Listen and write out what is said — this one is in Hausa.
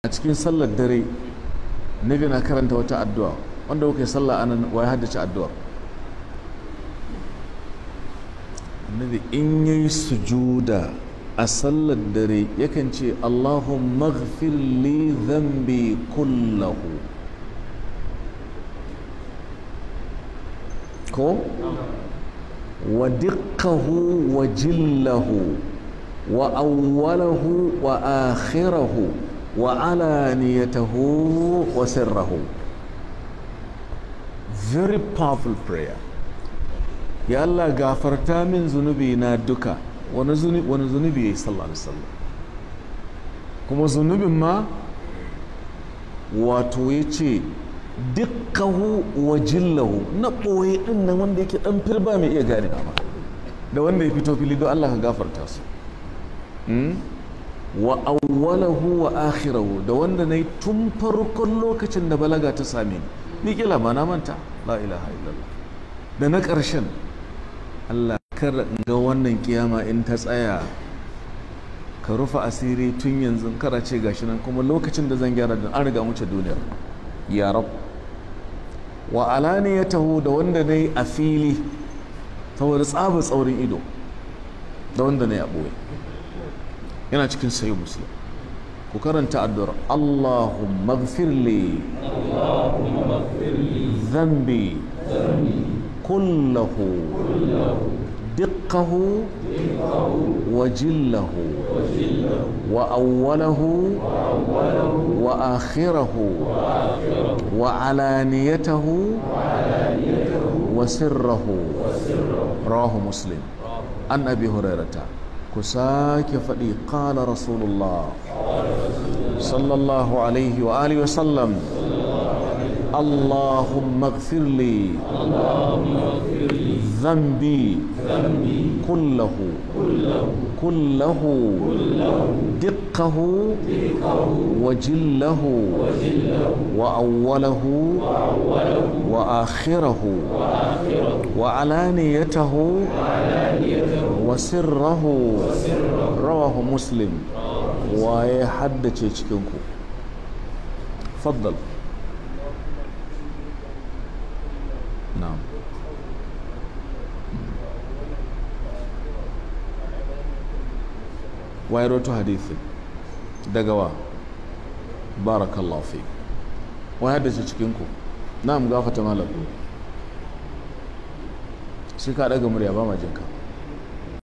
a cikin sallar dare nabi na karanta wata addu'a wanda kuka yi sallah anan wa ya haddace addu'ar annabi in yayi sujuda a sallar dare yakan ce allahumma ghfir li kullahu ko wa diqqahu wa jillahu wa awwalahu wa akhirahu وعلانيته وسره very powerful prayer ya Allah gafarta min zunubi na duka wani zunubi ya yi sallallahu alaihi kuma zunubin ma wato ya ce dukkahu wa jillahu na ɓoye ɗin nan wanda yake ɗan firba mai iya gane ba da wanda ya fito fili don Allah ka gafarta su hmm? wa awwalahu wa akhirahu da wanda nayi tun farkon lokacin da balaga ta same ni ni kila ba na manta la ilaha illallah da na karshen. Allah kar ga wannan kiyama in ta tsaya ka rufe asiri tun yanzu kara ce gashi nan kuma lokacin da zan gyara an riga muce duniya ya rab wa taho da wanda nayi a fili saboda tsaba tsaurin ido da wanda nayi a boye yana cikin sayi musulun ku karanta addu'ar allahun magfirli zambi kullahu dukkahu wa jillahu wa awwalahu wa akhirahu wa alaniyatahu wa sirrahu rahu muslim an abi hurairata كساك فدي قال رسول الله صلى الله عليه وآله وسلم اللهم اغفر لي ذنبي كله كله دقه وجله وأوله وآخره وعلانيته وسره رواه مسلم ويحدث يشكنكو تفضل نعم waye roto hadithi daga wa barakallahu fi waye da shi cikin ku na'am gafata malaku shi ka daga murya ba ma jinka